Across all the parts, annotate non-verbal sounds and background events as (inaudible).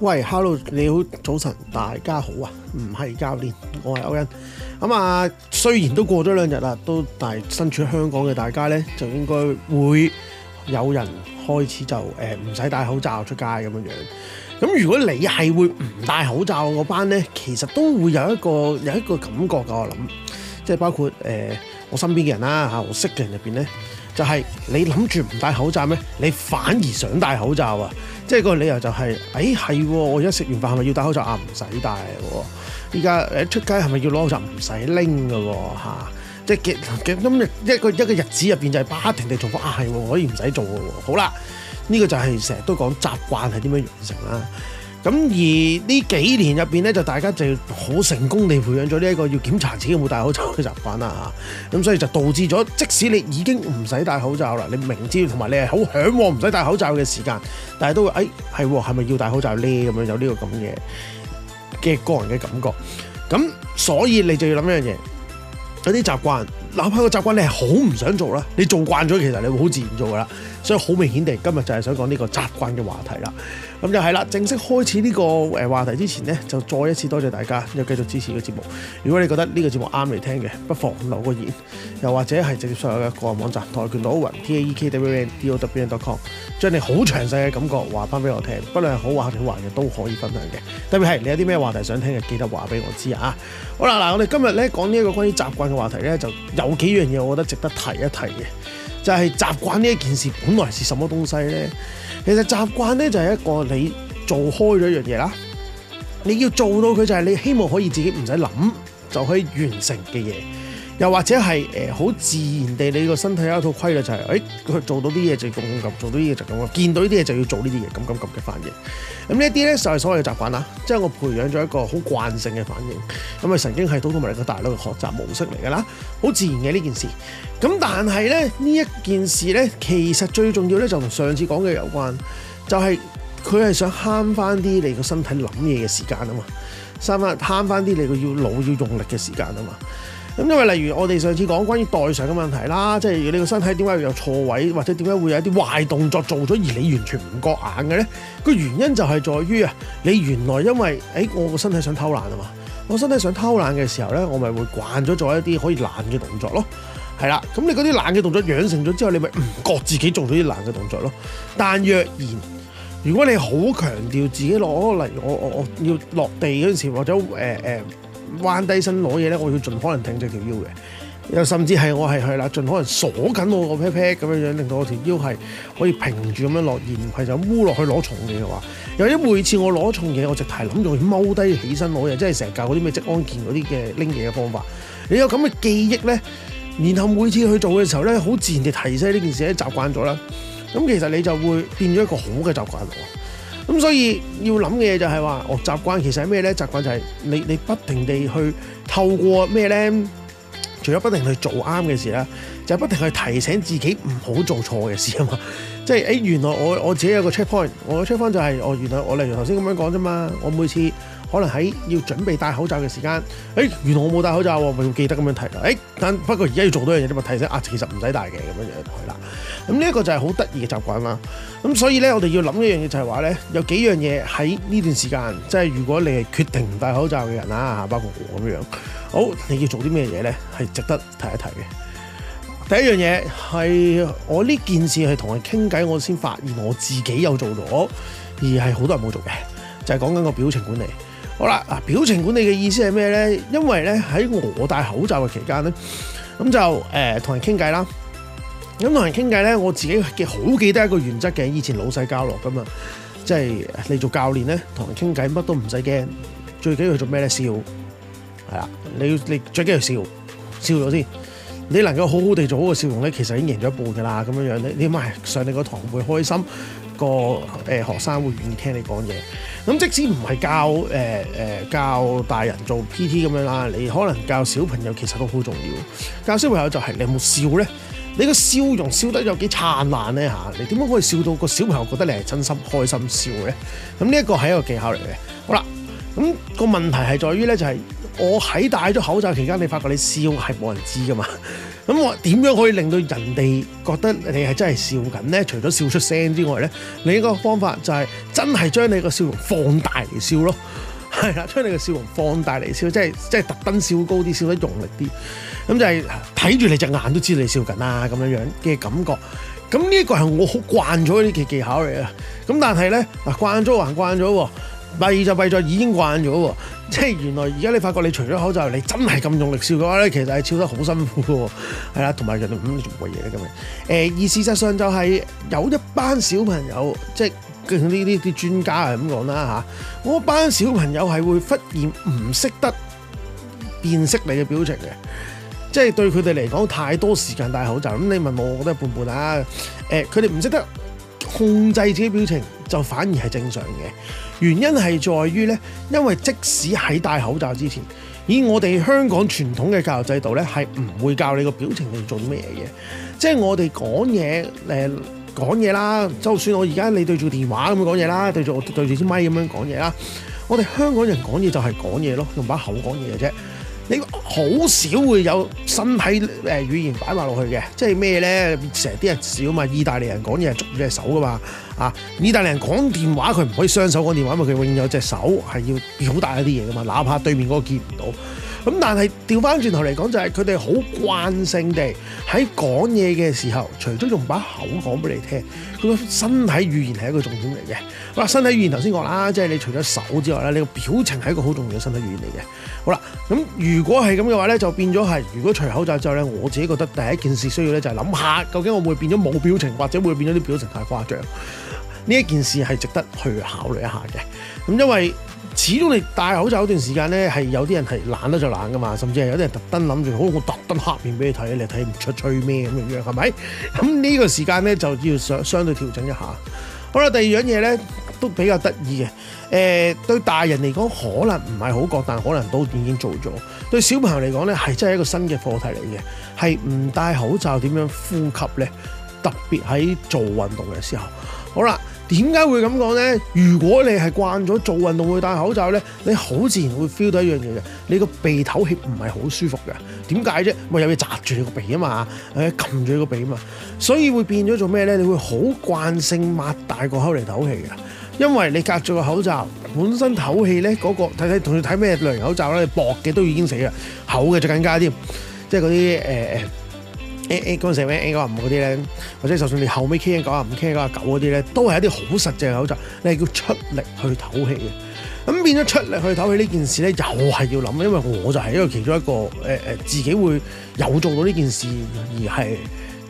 喂，Hello，你好，早晨，大家好啊！唔係教練，我係歐恩。咁啊，雖然都過咗兩日啦，都但係身處香港嘅大家咧，就應該會有人開始就誒唔使戴口罩出街咁樣樣。咁如果你係會唔戴口罩嗰班咧，其實都會有一個有一個感覺㗎。我諗即係包括誒、呃、我身邊嘅人啦、啊、嚇，我識嘅人入邊咧，就係、是、你諗住唔戴口罩咩？你反而想戴口罩啊！即係個理由就係、是，誒、欸、係，我一食完飯係咪要戴口罩啊？唔使戴喎，依家誒出街係咪要攞口罩？唔使拎嘅喎，即係咁日一個一個日子入邊就係不停地重複，啊係，可以唔使做嘅喎、哦。好啦，呢、這個就係成日都講習慣係點樣完成啦。咁而呢幾年入面咧，就大家就好成功地培養咗呢一個要檢查自己有冇戴口罩嘅習慣啦嚇。咁所以就導致咗，即使你已經唔使戴口罩啦，你明知同埋你係好嚮往唔使戴口罩嘅時間，但係都會誒係係咪要戴口罩咧？咁樣有呢個咁嘅嘅個人嘅感覺。咁所以你就要諗一樣嘢，有啲習慣，哪怕個習慣你係好唔想做啦，你做慣咗，其實你會好自然做噶啦。所以好明顯地，今日就係想講呢個習慣嘅話題啦。咁就係啦，正式開始呢個誒話題之前呢，就再一次多謝大家又繼續支持嘅節目。如果你覺得呢個節目啱嚟聽嘅，不妨留個言，又或者係直接上我嘅個人網站跆拳道雲 T A E K W O N D O W E N dot com，將你好詳細嘅感覺話翻俾我聽。不論係好話定壞嘅都可以分享嘅。特別係你有啲咩話題想聽嘅，記得話俾我知啊。好啦，嗱，我哋今日咧講呢一個關於習慣嘅話題咧，就有幾樣嘢我覺得值得提一提嘅。就係習慣呢一件事，本來係什麼東西咧？其實習慣咧就係一個你做開咗一樣嘢啦，你要做到佢就係你希望可以自己唔使諗就可以完成嘅嘢。又或者係誒好自然地，你個身體有一套規律，就是，就係誒佢做到啲嘢就咁咁咁，做到啲嘢就咁咯。見到呢啲嘢就要做呢啲嘢，咁咁咁嘅反應。咁、嗯、呢一啲咧就係、是、所謂嘅習慣啦，即係我培養咗一個好慣性嘅反應。咁、嗯、啊，神經系統同埋你個大腦嘅學習模式嚟㗎啦，好自然嘅呢件事。咁、嗯、但係咧呢一件事咧，其實最重要咧就同上次講嘅有關，就係佢係想慳翻啲你個身體諗嘢嘅時間啊嘛，慳翻慳翻啲你個要腦要用力嘅時間啊嘛。咁因為例如我哋上次講關於代償嘅問題啦，即係你個身體點解會有錯位，或者點解會有一啲壞動作做咗而你完全唔覺眼嘅咧？個原因就係在於啊，你原來因為誒、哎、我個身體想偷懶啊嘛，我身體想偷懶嘅時候咧，我咪會慣咗做一啲可以懶嘅動作咯，係啦。咁你嗰啲懶嘅動作養成咗之後，你咪唔覺自己做咗啲懶嘅動作咯。但若然如果你好強調自己落例如，我我我要落地嗰陣時，或者誒誒。呃呃彎低身攞嘢咧，我要盡可能挺住條腰嘅，又甚至係我係去啦，盡可能鎖緊我個 pat pat 咁樣樣，令到我條腰係可以平住咁樣落，而唔係就污落去攞重嘢嘅話。由於每次我攞重嘢，我直係諗住踎低起身攞嘢，即係成日教嗰啲咩職安健嗰啲嘅拎嘢嘅方法。你有咁嘅記憶咧，然後每次去做嘅時候咧，好自然地提醒呢件事咧，習慣咗啦。咁其實你就會變咗一個好嘅習慣。咁、嗯、所以要諗嘅嘢就係話，我習慣其實係咩咧？習慣就係你你不停地去透過咩咧？除咗不停去做啱嘅事啦，就係、是、不停去提醒自己唔好做錯嘅事啊嘛。即係誒，原來我我自己有個 check point，我嘅 check point 就係、是、我原來我例如頭先咁樣講啫嘛，我每次。可能喺要準備戴口罩嘅時間，誒，原來我冇戴口罩，我要記得咁樣提啦。但不過而家要做多樣嘢都咪提醒，啊，其實唔使戴嘅咁樣樣去啦。咁呢一個就係好得意嘅習慣啦。咁、嗯、所以咧，我哋要諗一樣嘢就係話咧，有幾樣嘢喺呢段時間，即係如果你係決定唔戴口罩嘅人啦，嚇，包括我咁樣，好，你要做啲咩嘢咧？係值得提一提嘅。第一樣嘢係我呢件事係同人傾偈，我先發現我自己有做咗，而係好多人冇做嘅，就係講緊個表情管理。好啦，嗱，表情管理嘅意思係咩咧？因為咧喺我戴口罩嘅期間咧，咁就誒同、呃、人傾偈啦。咁同人傾偈咧，我自己好記得一個原則嘅，以前老細教落噶嘛，即、就、係、是、你做教練咧，同人傾偈乜都唔使驚，最緊要做咩咧？笑係啦，你，你要你最緊要笑，笑咗先。你能夠好好地做好個笑容咧，其實已經贏咗一半噶啦，咁樣樣你你咪上你個堂會開心。個誒學生會願意聽你講嘢，咁即使唔係教誒誒、呃、教大人做 PT 咁樣啦，你可能教小朋友其實都好重要。教小朋友就係、是、你有冇笑咧？你個笑容笑得有幾燦爛咧？嚇，你點樣可以笑到個小朋友覺得你係真心開心笑咧？咁呢一個係一個技巧嚟嘅。好啦，咁、那個問題係在於咧、就是，就係。我喺戴咗口罩期間，你發覺你笑係冇人知噶嘛？咁我點樣可以令到人哋覺得你係真係笑緊咧？除咗笑出聲之外咧，另一個方法就係真係將你個笑容放大嚟笑咯，係啦，將你個笑容放大嚟笑，即係即係特登笑高啲，笑得用力啲，咁就係睇住你隻眼都知你笑緊啦、啊，咁樣樣嘅感覺。咁呢一個係我好慣咗啲嘅技巧嚟嘅。咁但係咧，嗱慣咗還慣咗，弊就弊咗已經慣咗。即係原來而家你發覺，你除咗口罩，你真係咁用力笑嘅話咧，其實係笑得好辛苦嘅喎。係 (laughs) 啦，同埋人哋唔、嗯、做嘢嘅咁樣。誒、呃，事實上就係有一班小朋友，即係呢啲啲專家係咁講啦嚇。啊、班小朋友係會忽然唔識得辨識你嘅表情嘅，即、就、係、是、對佢哋嚟講太多時間戴口罩。咁你問我，我覺得半半啊。誒、呃，佢哋唔識得控制自己表情，就反而係正常嘅。原因係在於咧，因為即使喺戴口罩之前，以我哋香港傳統嘅教育制度咧，係唔會教你個表情去做啲咩嘢嘅。即係我哋講嘢，誒講嘢啦。就算我而家你對住電話咁樣講嘢啦，對住對住支咪咁樣講嘢啦，我哋香港人講嘢就係講嘢咯，用把口講嘢嘅啫。你好少會有身體誒語言擺埋落去嘅，即係咩咧？成日啲人少嘛，意大利人講嘢捉住隻手噶嘛，啊！意大利人講電話佢唔可以雙手講電話，因為佢永遠有隻手係要表達一啲嘢噶嘛，哪怕對面嗰個見唔到。咁但係調翻轉頭嚟講就係佢哋好慣性地喺講嘢嘅時候，除咗用把口講俾你聽，佢個身體語言係一個重點嚟嘅。好啦，身體語言頭先講啦，即係你除咗手之外咧，你個表情係一個好重要嘅身體語言嚟嘅。好啦，咁如果係咁嘅話咧，就變咗係如果除口罩之後咧，我自己覺得第一件事需要咧就係諗下究竟我會變咗冇表情，或者會變咗啲表情太誇張。呢一件事係值得去考慮一下嘅。咁因為。始終你戴口罩嗰段時間咧，係有啲人係懶得就懶噶嘛，甚至係有啲人特登諗住，好我特登黑面俾你睇，你睇唔出吹咩咁樣樣，係咪？咁呢個時間咧就要相相對調整一下。好啦，第二樣嘢咧都比較得意嘅，誒、呃，對大人嚟講可能唔係好覺，但可能都已經做咗；對小朋友嚟講咧，係真係一個新嘅課題嚟嘅，係唔戴口罩點樣呼吸咧？特別喺做運動嘅時候，好啦。點解會咁講咧？如果你係慣咗做運動會戴口罩咧，你好自然會 feel 到一樣嘢嘅，你個鼻唞氣唔係好舒服嘅。點解啫？咪有嘢擳住你個鼻啊嘛，誒撳住你個鼻啊嘛，所以會變咗做咩咧？你會好慣性擘大個口嚟唞氣嘅，因為你隔住個口罩本身唞氣咧，嗰個睇睇同你睇咩類型口罩咧，你薄嘅都已經死啦，厚嘅就更加添，即係嗰啲誒。呃 A A 嗰陣時，A A 九啊五嗰啲咧，或者就算你後尾 K 九啊五、K 九啊九嗰啲咧，都係一啲好實際嘅口罩。你係叫出力去唞氣嘅，咁變咗出力去唞氣呢件事咧，又係要諗，因為我就係一個其中一個誒誒、呃、自己會有做到呢件事，而係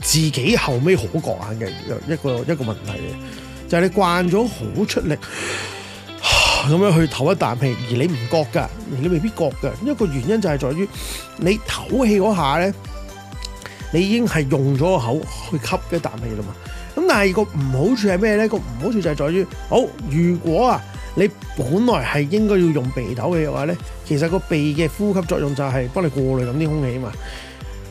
自己後尾好覺眼嘅一個一個問題嘅，就係、是、你慣咗好出力咁樣去唞一啖氣，而你唔覺㗎，你未必覺㗎。一個原因就係在於你唞氣嗰下咧。你已經係用咗個口去吸一啖氣啦嘛，咁但係個唔好處係咩咧？個唔好處就係在於，好如果啊你本來係應該要用鼻唞氣嘅話咧，其實個鼻嘅呼吸作用就係幫你過濾咁啲空氣啊嘛，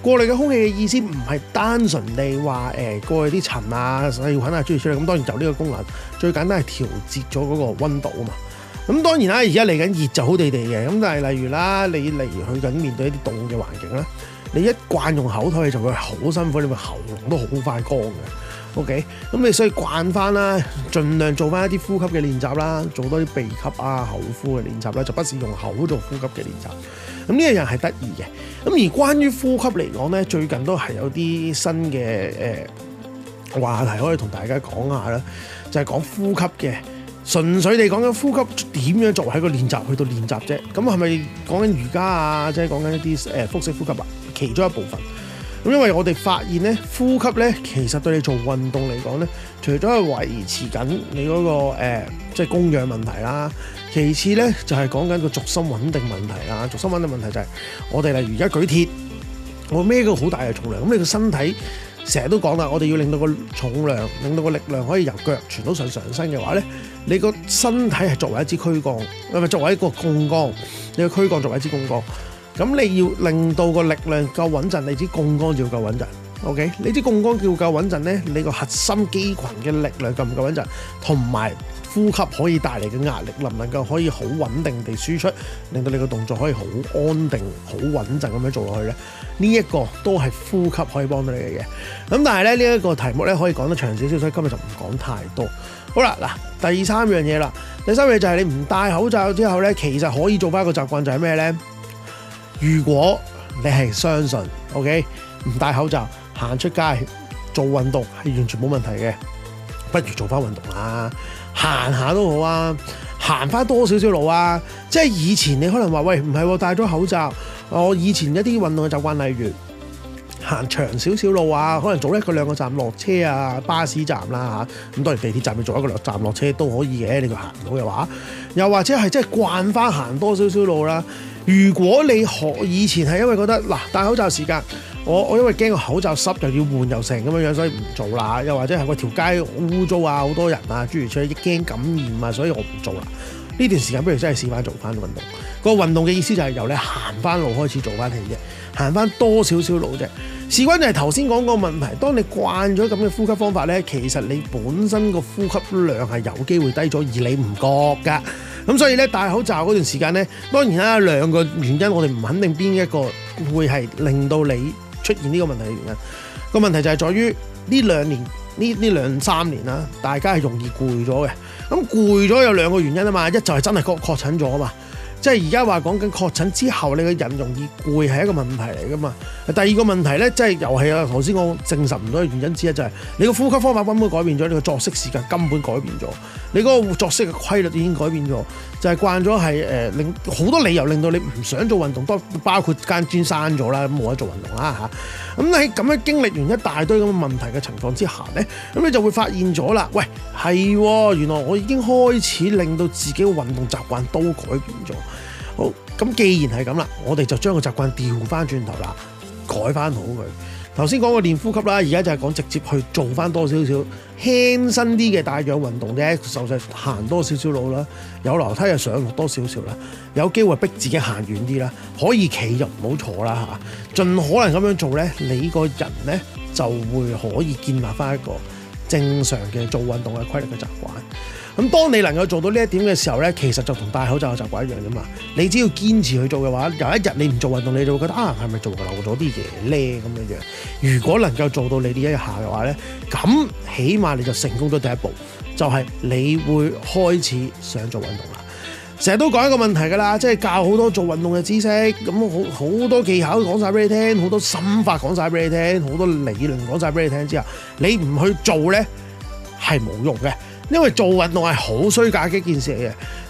過濾嘅空氣嘅意思唔係單純地話誒、欸、過濾啲塵啊細菌啊之類之類，咁當然有呢個功能，最簡單係調節咗嗰個温度啊嘛。咁當然啦，而家嚟緊熱就好地地嘅，咁但係例如啦，你嚟去緊面對一啲凍嘅環境啦，你一慣用口唞，就會好辛苦，你個喉嚨都好快乾嘅。OK，咁你所以慣翻啦，儘量做翻一啲呼吸嘅練習啦，做多啲鼻吸啊、口呼嘅練習啦，就唔係用口做呼吸嘅練習。咁呢一樣係得意嘅。咁而關於呼吸嚟講咧，最近都係有啲新嘅誒、呃、話題可以同大家講下啦，就係、是、講呼吸嘅。純粹地講緊呼吸點樣作為一個練習去到練習啫，咁係咪講緊瑜伽啊？即係講緊一啲誒、呃、腹式呼吸啊，其中一部分。咁因為我哋發現咧，呼吸咧其實對你做運動嚟講咧，除咗係維持緊你嗰、那個即係、呃就是、供氧問題啦，其次咧就係講緊個軸心穩定問題啦。軸心穩定問題就係、是、我哋例如而家舉鐵，我孭個好大嘅重量，咁你個身體。成日都講啦，我哋要令到個重量、令到個力量可以由腳傳到上上身嘅話咧，你個身體係作為一支軀幹，唔係作為一個槓桿，你個軀幹作為一支槓桿，咁你要令到個力量夠穩陣，你支槓桿就要夠穩陣。OK，你支槓桿要夠穩陣咧，你個核心肌羣嘅力量夠唔夠穩陣，同埋。呼吸可以帶嚟嘅壓力，能唔能夠可以好穩定地輸出，令到你個動作可以好安定、好穩陣咁樣做落去咧？呢一個都係呼吸可以幫到你嘅嘢。咁但係咧，呢一個題目咧可以講得長少少，所以今日就唔講太多。好啦，嗱，第三樣嘢啦，第三樣嘢就係你唔戴口罩之後咧，其實可以做翻一個習慣就係咩咧？如果你係相信，OK，唔戴口罩行出街做運動係完全冇問題嘅，不如做翻運動啦。行下都好啊，行翻多少少路啊，即係以前你可能話喂唔係、啊、戴咗口罩，我、哦、以前一啲運動嘅習慣例如行長少少路啊，可能早一個兩個站落車啊，巴士站啦、啊、吓，咁、啊、當然地鐵站你做一個站落車都可以嘅、啊，你個行唔到嘅話，又或者係即係慣翻行多少少路啦、啊。如果你學以前係因為覺得嗱戴口罩時間。我我因為驚個口罩濕又要換又成咁樣樣，所以唔做啦。又或者係個條街污糟啊，好多人啊，諸如此類，驚感染啊，所以我唔做啦。呢段時間不如真係試翻做翻運動。個運動嘅意思就係由你行翻路開始做翻嘅啫，行翻多少少路啫。事關就係頭先講個問題，當你慣咗咁嘅呼吸方法咧，其實你本身個呼吸量係有機會低咗，而你唔覺㗎。咁所以咧戴口罩嗰段時間咧，當然啦，啊，兩個原因，我哋唔肯定邊一個會係令到你，出現呢個問題嘅原因，個問題就係在於呢兩年呢，呢兩三年啦，大家係容易攰咗嘅。咁攰咗有兩個原因啊嘛，一就係真係確確診咗啊嘛。即係而家話講緊確診之後，你嘅人容易攰係一個問題嚟噶嘛？第二個問題呢，即係遊戲啊頭先我證實唔到嘅原因之一就係、是、你個呼吸方法根本改變咗，你個作息時間根本改變咗，你個作息嘅規律已經改變咗，就係、是、慣咗係誒令好多理由令到你唔想做運動，包包括間煎山咗啦，咁冇得做運動啦嚇。咁喺咁樣經歷完一大堆咁嘅問題嘅情況之下呢，咁你就會發現咗啦，喂係、哦，原來我已經開始令到自己嘅運動習慣都改變咗。好，咁既然係咁啦，我哋就將個習慣調翻轉頭啦，改翻好佢。頭先講個練呼吸啦，而家就係講直接去做翻多少少輕身啲嘅帶氧運動，啫。就勢行多少少路啦，有樓梯就上多少少啦，有機會逼自己行遠啲啦，可以企入，唔好坐啦吓，盡可能咁樣做咧，你個人咧就會可以建立翻一個。正常嘅做運動嘅規律嘅習慣，咁當你能夠做到呢一點嘅時候呢，其實就同戴口罩嘅習慣一樣嘅嘛。你只要堅持去做嘅話，有一日你唔做運動，你就會覺得啊，係咪做漏咗啲嘢咧咁嘅樣？如果能夠做到你呢一下嘅話呢，咁起碼你就成功咗第一步，就係、是、你會開始想做運動啦。成日都講一個問題噶啦，即係教好多做運動嘅知識，咁好好多技巧講晒俾你聽，好多心法講晒俾你聽，好多理論講晒俾你聽之後，你唔去做咧係冇用嘅，因為做運動係好衰格嘅一件事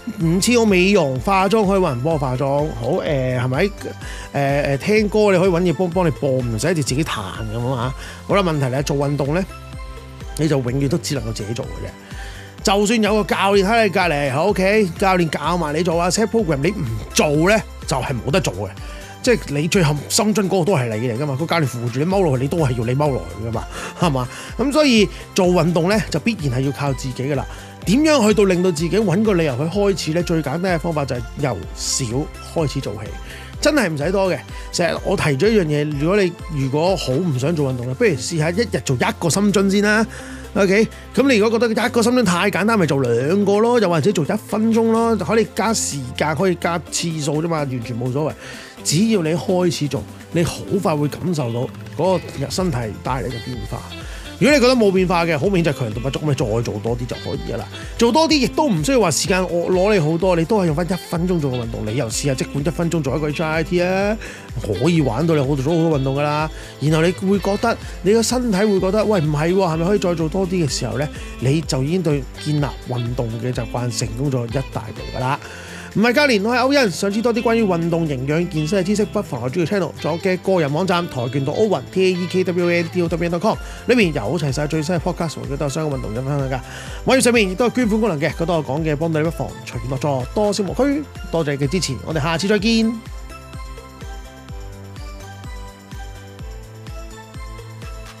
嚟嘅，唔似我美容化妝可以揾人幫我化妝，好誒，係咪？誒、呃、誒、呃、聽歌你可以揾嘢幫幫你播，唔使住自己彈咁啊！好啦，問題咧做運動咧，你就永遠都只能夠自己做嘅啫。就算有個教練喺你隔離，OK，教練教埋你做啊 set program，你唔做咧就係冇得做嘅。即係你最後深蹲嗰個都係你嚟㗎嘛，個教練扶住你踎落去，你都係要你踎落去㗎嘛，係嘛？咁所以做運動咧就必然係要靠自己㗎啦。點樣去到令到自己揾個理由去開始咧？最簡單嘅方法就係由少開始做起，真係唔使多嘅。成日我提咗一樣嘢，如果你如果好唔想做運動咧，不如試下一日做一個深蹲先啦。OK，咁你如果覺得一個心經太簡單，咪做兩個咯，又或者做一分鐘咯，就可以加時間，可以加次數啫嘛，完全冇所謂。只要你開始做，你好快會感受到嗰個身體帶嚟嘅變化。如果你覺得冇變化嘅，好明顯就係強度不足，咁你再做多啲就可以啦。做多啲亦都唔需要話時間，我攞你好多，你都係用翻一分鐘做個運動。你又試下，即管一分鐘做一個 HIIT 啊，可以玩到你好做好多運動噶啦。然後你會覺得你個身體會覺得，喂唔係喎，係咪、啊、可以再做多啲嘅時候咧？你就已經對建立運動嘅習慣成功咗一大步噶啦。唔係嘉年，我係歐恩。想知多啲關於運動、營養、健身嘅知識，不妨去住個 channel，仲有嘅個人網站跆拳道歐恩 taekwondowen.com 裏面有齊晒最新嘅 podcast，我者都有相關運動嘅分享噶。網頁上面亦都有捐款功能嘅，覺得我講嘅幫到你，不妨隨緣樂助，多消磨區，多謝你嘅支持。我哋下次再見。